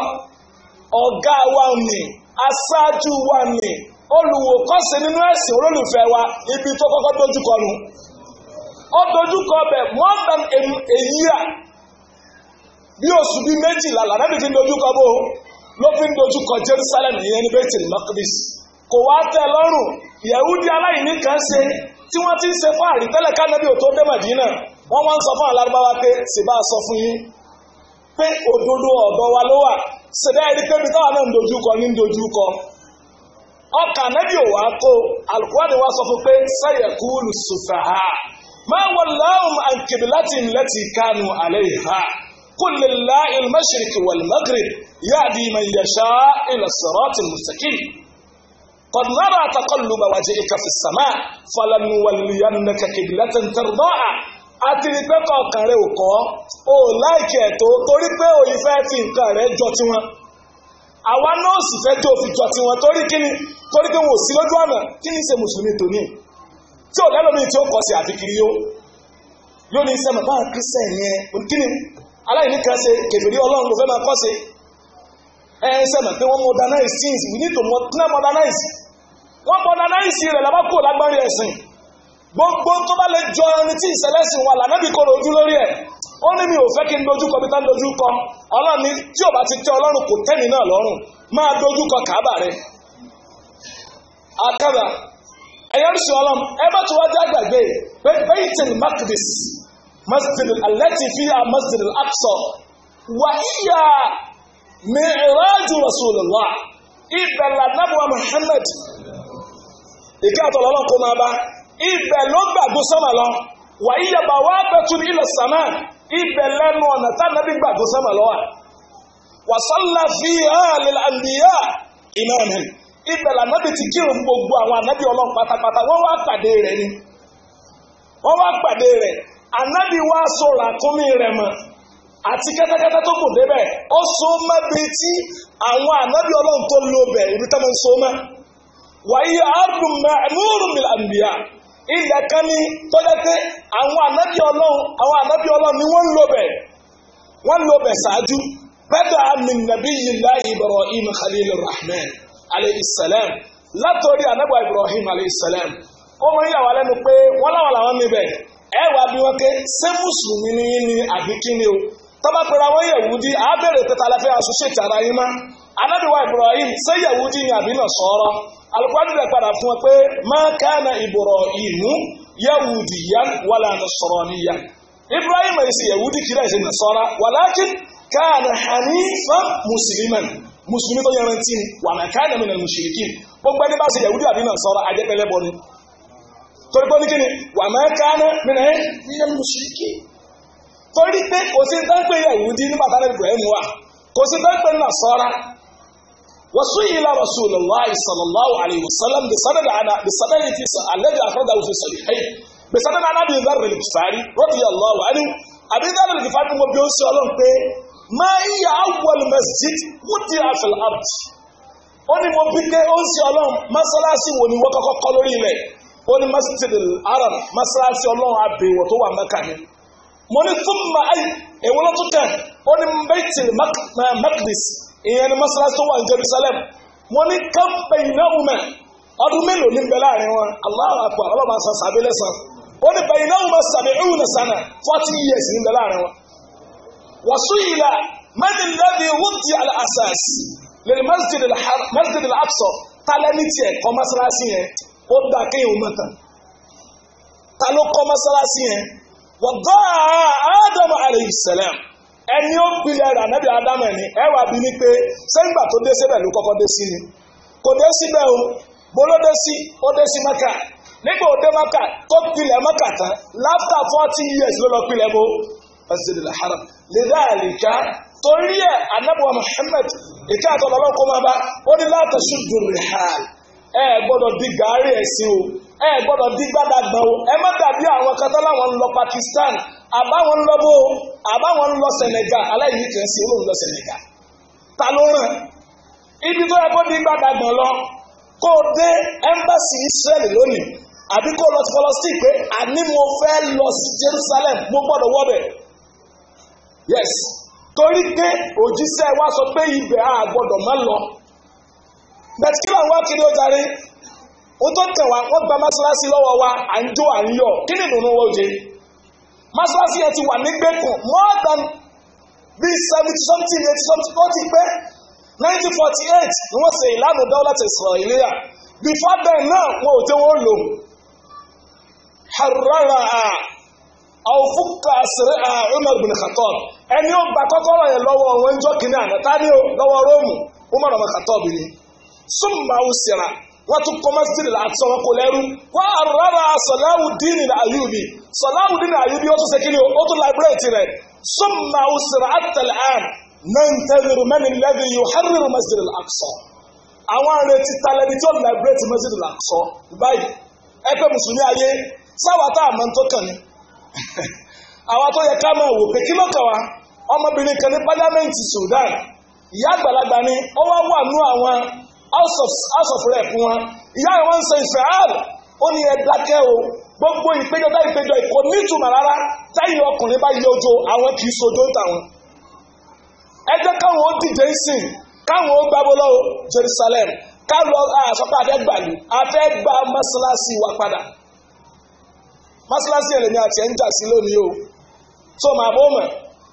ọ̀gá wa ni aṣáájú wa ni olùwòkọ́sí nínú ẹ̀sìn olólùfẹ́ wa ibi tó kọ́kọ́ dojúkọ nu ó dojúkọ bẹ̀ more than a year bí oṣù bíi méjìlá lànàbì fi ń dojúkọ bó ló fi ń dojúkọ Jerusalem ìyẹn ní Baitul Maqdis kò wá tẹ́ lọ́rùn Yẹ̀húdí aláìní kan ṣe tí wọ́n ti ń ṣe fún àrítẹ́lẹ̀ kánábì ò tó dé Màdínà wọ́n wá ń sọ fún àwọn pé sì bá a sọ fún yín pé òdodo ọ̀dọ̀ wa ló wà sẹ̀dá ẹni pé bíi táwọn náà ń dojúkọ ní ń dojúkọ ọkà nẹ́bí ò wá tó alùpùpù wa sọ fún pé sẹ́yẹ̀ kú lùsùfàá máa wọ láwùm àǹkìbí láti ìmìlẹ́tì kánú àlẹ́ ìhà قل لله المشرق والمغرب يهدي من يشاء إلى الصراط المستقيم قد نرى تقلب وجهك في السماء فلنولينك قبلة ترضاها àti rí pé kọ̀ọ̀kan rẹ̀ ò kọ́ ò láìkí torí pé òyìn fẹ́ fi nǹkan jọ tiwọn àwa nọọsì sì fẹ́ fi jọ tiwọn torí kíni torí pé wọn ò sí lójú ọ̀nà kí ni ṣe mùsùlùmí tòní tí ò lẹ́lọ́mí tí ó kọ sí àfikiri yó yóò ní sẹ́mi báwọn yẹn aláìní kan ṣe ọlọ́run ló fẹ́ máa kọ́ ẹ sẹ́mi pé wọ́n modernize things we need to gbogbo tó bá lè jọ ẹni tí ìṣẹ̀lẹ̀sìn wà lànàbí kò lójú lórí ẹ̀ ó ní mi ò fẹ́ kí n dojúkọ bí tá ń dojúkọ ọlọ́run ni tí ò bá ti tẹ́ ọlọ́run kò tẹ́ni náà lọ́rùn máa dojúkọ kàábà rẹ̀ àkàrà ẹ̀yọ́n sọ ọlọ́run ẹ bá ti wá dé àgbàgbé bẹ́ẹ̀tìn makdis masjid alẹ́tì fi hàn masjid al-aqsa wà íyà mìíràjù rasulullah ibẹ̀ lànàbùwà muhammad ìkẹ́ àtọ̀lọ́lọ́ kó ibẹ̀ ló gbàgbó sọ́mà lọ wà ìyàbà wà bẹ̀tún ilẹ̀ sàmà ibẹ̀ lẹ́nu ọ̀nà tánàbí gbàgbó sọ́mà lọ wà wà sọ́lá fi ààlẹ̀ àmìyà iná ọ̀nà ibẹ̀ lànàbí ti kírun gbogbo àwọn ànábì ọlọ́run pátápátá wọ́n wá pàdé rẹ̀ ni wọ́n wá pàdé rẹ̀ ànábì wá sọ̀rọ̀ àtúnmí rẹ̀ mọ̀ àti kẹ́tẹ́kẹ́tẹ́ tó kù débẹ̀ ó so mẹ́bi tí àwọn ànábì ọlọ́run tó lo bẹ̀ ibi tó máa ń so mẹ́ wàyí àádùn ilẹ̀ kan ní tọ́jẹ́ pé àwọn ànábì ọlọ́run àwọn ànábì ọlọ́run ni wọ́n ń lò bẹ̀ wọ́n ń lò bẹ̀ ṣáájú bẹ́ẹ̀ nàbí Ibrahim Khalil Rahman aleyhisselam Ibrahim aleyhisselam ó mọ ìyàwó alẹ́nu pé wọ́n láwọn làwọn níbẹ̀ ẹ wàá bí wọ́n ké ṣé mùsùlùmí ni yín ni àbí kí ni o tọ́ba pera wọ́n Yẹ̀wúdí di bẹ̀rẹ̀ pé tààrà yín Ibrahim ṣé alùpàdé padà fún ọ pé máa kánà Ibrahimu yahudiyan wala nasraniyan Ibrahim ẹ̀ sì yahudi kìlá ìṣe nasara walakin kánà hanifan musliman musulmi tó yẹran tí ni wà náà kánà minal mushrikin gbogbo ẹni bá ṣe yahudi àbí nasara ajẹ́pẹ́lẹ́ bọ́ ni torí pé oníkíni wà máa kánà minal mushrikin torí pé kò sí dáńpé yahudi nígbà tánà Ibrahim wà kò sí dáńpé nasara وسئل رسول الله صلى الله عليه وسلم بسند على بسند في الذي اخرجه في صحيحين بسند عن ابي ذر الغفاري رضي الله عنه ابي ذر الغفاري مو بيو سولون بي ما هي اول مسجد وضع في الارض ó ní mo bí pé ó ń ṣe ọlọ́run mọ́sálásí wo ni wọ́n kọ́kọ́ kọ́ lórí ilẹ̀ ó ní masjid al-arab mọ́sálásí ọlọ́run àbẹ̀wò tó wà mẹ́ka ni mo ní fún ma ayi èwo ló tún tẹ̀ ó ní bẹ́tì makdis ìyẹn ni mọ́sálásí tó wà ní Jerusalem wọ́n ní kápẹ́ iná umẹ̀ ọdún mélòó ní bẹ láàrin wọn Allahu akbar ọlọ́mọ san sàbí lẹ́sàn ó ní bẹ̀yìn náà umẹ̀ sàbí ìhùn ní sànà forty years ní bẹ láàrin wọn. wàsú ìlà mẹ́rin lẹ́bi wúti al-asas lè masjid al-aqsa tálẹ́ni tiẹ̀ kọ́ mọ́sálásí yẹn ó dà kéèyàn mọ́tàn ta ló kọ́ mọ́sálásí yẹn wọ́n dọ́ Adam alayhi salam. ẹni ó pilẹ̀ rẹ̀ ànábì ádámù ni ẹ wà bí ní pé sẹ́ńgbà tó dé síbẹ̀ ló kọ́kọ́ dé sí ni kò o bolo dé sí ó dé sí maka nígbà ó dé maka tó pilẹ̀ maka tán láfta forty years ló lọ pilẹ̀ bó torí muhammed ìka àtọ̀lọ́lọ́ kó máa bá di gàárì ẹ̀sìn o ẹ gbọ́dọ̀ di gbàdàgbà o ẹ má dàbí àwọn láwọn Pakistan àbáwọn lọ́bó àbáwọn lọ sẹ̀nẹ̀gà aláìní tiẹ̀ sí olóhùn lọ sẹ̀nẹ̀gà ta ló ràn ibi tó yẹ kó ní gbàdàgbọ̀n lọ kó o dé ẹ́mbàsì Israẹli lónìí àbí kó o lọ sí Palestine pé àní mo fẹ́ lọ sí Jerusalem mo gbọ́dọ̀ wọ́bẹ̀ yes torí pé òjíṣẹ́ wa sọ pé ibẹ̀ a gbọ́dọ̀ má lọ bẹ́ẹ̀ kí làwọn akéde ó darí ó tó tẹ̀ wá wọ́n gba mọ́ṣáláṣí lọ́wọ́ wa à ń jó à ń yọ̀ kí ni ìdùnnú wọ́n jẹ́ masalasi yẹn ti wà nígbèkùn more than bí seventy something eighty something ó ti pẹ́ nineteen forty eight ni wọ́n ṣe ìlànà dọ́lọ́tì Israeliya before then náà wọn ò jẹ́ wọ́n lò harara a àwòfúkà àṣírí a Umar bin Khattab ẹni ó gba kọ́kọ́rọ́ yẹn lọ́wọ́ wọn jọ́ kínní àná tá ní o lọ́wọ́ Róòmù Umar bin Khattab ni súnmọ́ àwùsíra wọ́n tún kọ́ mọ́sítìrì láàtọ́ wọn kò lẹ́rú wọ́n àrùrárá sọ̀láwùdínì àyùbí sọ̀láwùdínì àyùbí ó tún ṣe kíni ó tún láìbírẹ̀tì rẹ̀ sọ́mà òsèrè àtàlẹ́ náà ń tẹ́lẹ̀rù mẹ́ni lẹ́bi yóò hẹ́rìrì mọ́sítìrì láàtọ́ àwọn arètí talẹ́bi tí ó láìbírẹ̀tì mọ́sítìrì láàtọ́ báyìí ẹ pé mùsùlùmí ayé sáwà tá àmọ́ tó kàn ní àwa tó yẹ ká máa wò pé kàn of asọ̀fúnlẹ̀ fún wọn ìyá rẹ̀ wọ́n ń ṣe ìfẹ́ ààrẹ ó ní ẹ dákẹ́ o gbogbo ìpéjọ bá ìpéjọ kò ní ìtumọ̀ rárá táyì ọkùnrin bá yẹ ojo àwọn kì í sojo táwọn ẹ jẹ́ káwọn ó dìde sí káwọn ó gbábọ́ lọ́wọ́ Jerusalem ká lọ àfọ́pá àdẹ́gbàlú afẹ́ gba mọ́ṣáláṣí wa padà mọ́ṣáláṣí ẹ̀lẹ́ni àti ẹ̀ ń jà sí lónìí o tó máa bó mọ̀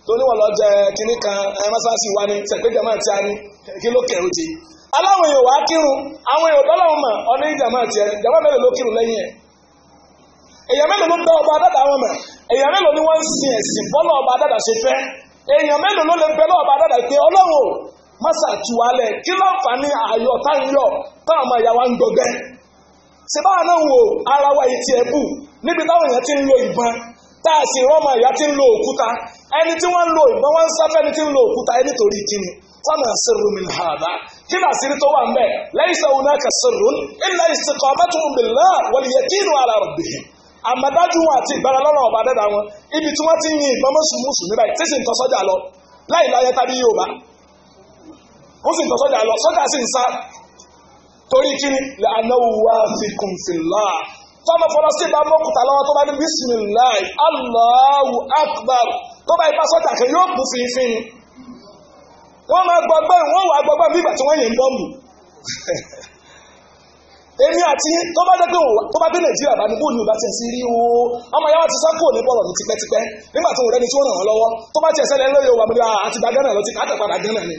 tó níwọ̀n lọ jẹ kínní kan mọ́ṣáláṣí wa ni tẹ̀pẹ́jọ máa ti a ní kí ló kẹ̀rù jẹ́ ala èèyàn wá kírun àwọn èèyàn tọ́lọ́wọ́n ló kírun èèyàn ló ọba dàda wọn mọ̀ èèyàn mélòó ni wọ́n ń sin ẹ̀sìn bọ́lá ọba dàda ṣe èèyàn ló lè bẹ lọ́ọ̀ba dàda pé ọlọ́wọ́ kí ló fà ní ọmọ ìyá wa ti ń lo ìbọn tá a ti ń lo ẹni tí wọ́n ń lo ìbọn wọ́n ń sáfẹ́ ẹni tí ń lo òkúta ẹni torí fama sirru min hada kí ni àṣírí tó wà ń bẹ laysa hunaka sirrun illa istiqamatuhum billah wal yakinu ala rabbihim àmàdájú wọn àti ìgbára lọ́rọ̀ ọba dẹ́dà wọn ibi tí wọ́n ti ń yin ìbọn mọ́sùmùsù níbà tí sì ń tọ́ sọ́jà lọ láì láyé tàbí yóò bá ó sì ń tọ́ sọ́jà lọ sọ́jà sì ń sá torí kí ni anáwó fi kùn fi là tọ́mọ fọlọ́sí bá mọ́kùtà lọ́wọ́ tó bá ní bísímìláì Allahu akbar tó bá ipá sọ́jà kan yóò kú fínfín wọ́n máa gbọgbẹ́ wọ́n wà gbọgbẹ́ bí ìgbà wọ́n yìn bọ́ọ̀mù èmi àti tó bá dẹ́gbẹ́ wò tó bá dé nàìjíríà bá ní bóòlù ìbá tiẹ̀ sí rí o ọmọ yàrá ti sá ní bọ̀rọ̀ ní tipẹ́tipẹ́ nígbà tó ń rẹ́ni tí ó ràn án lọ́wọ́ tó bá ti ah, ni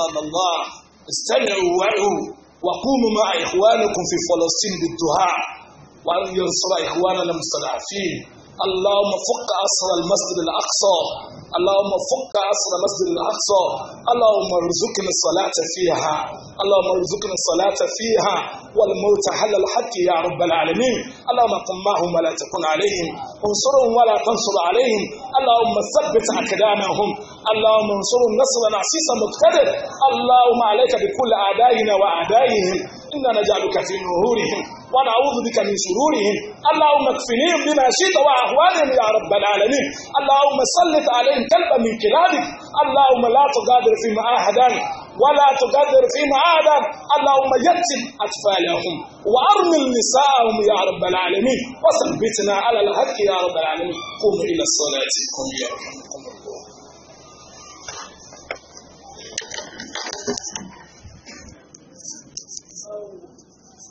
kọ́lá kú ò استمعوا وعوا وقوموا مع إخوانكم في فلسطين بالدعاء وأن ينصر إخواننا المستضعفين اللهم فك أسر المسجد الأقصى اللهم فك أسر المسجد الأقصى اللهم ارزقنا الصلاة فيها اللهم ارزقنا الصلاة فيها والموت حل الحق يا رب العالمين اللهم طمعهم ولا تكن عليهم انصرهم ولا تنصر عليهم اللهم ثبت أقدامهم اللهم انصرهم نصرا عسيسا مقتدر اللهم عليك بكل أعدائنا وأعدائهم إنا نجعلك في نهورهم ونعوذ بك من شرورهم اللهم اكفنيهم بما شئت واهوالهم يا رب العالمين اللهم سلط عليهم كلبا من كلابك اللهم لا تغادر في احدا ولا تغادر في أعدم اللهم يتم أطفالهم وأرمل نساءهم يا رب العالمين وثبتنا على الحق يا رب العالمين قوموا إلى الصلاة قم يا رب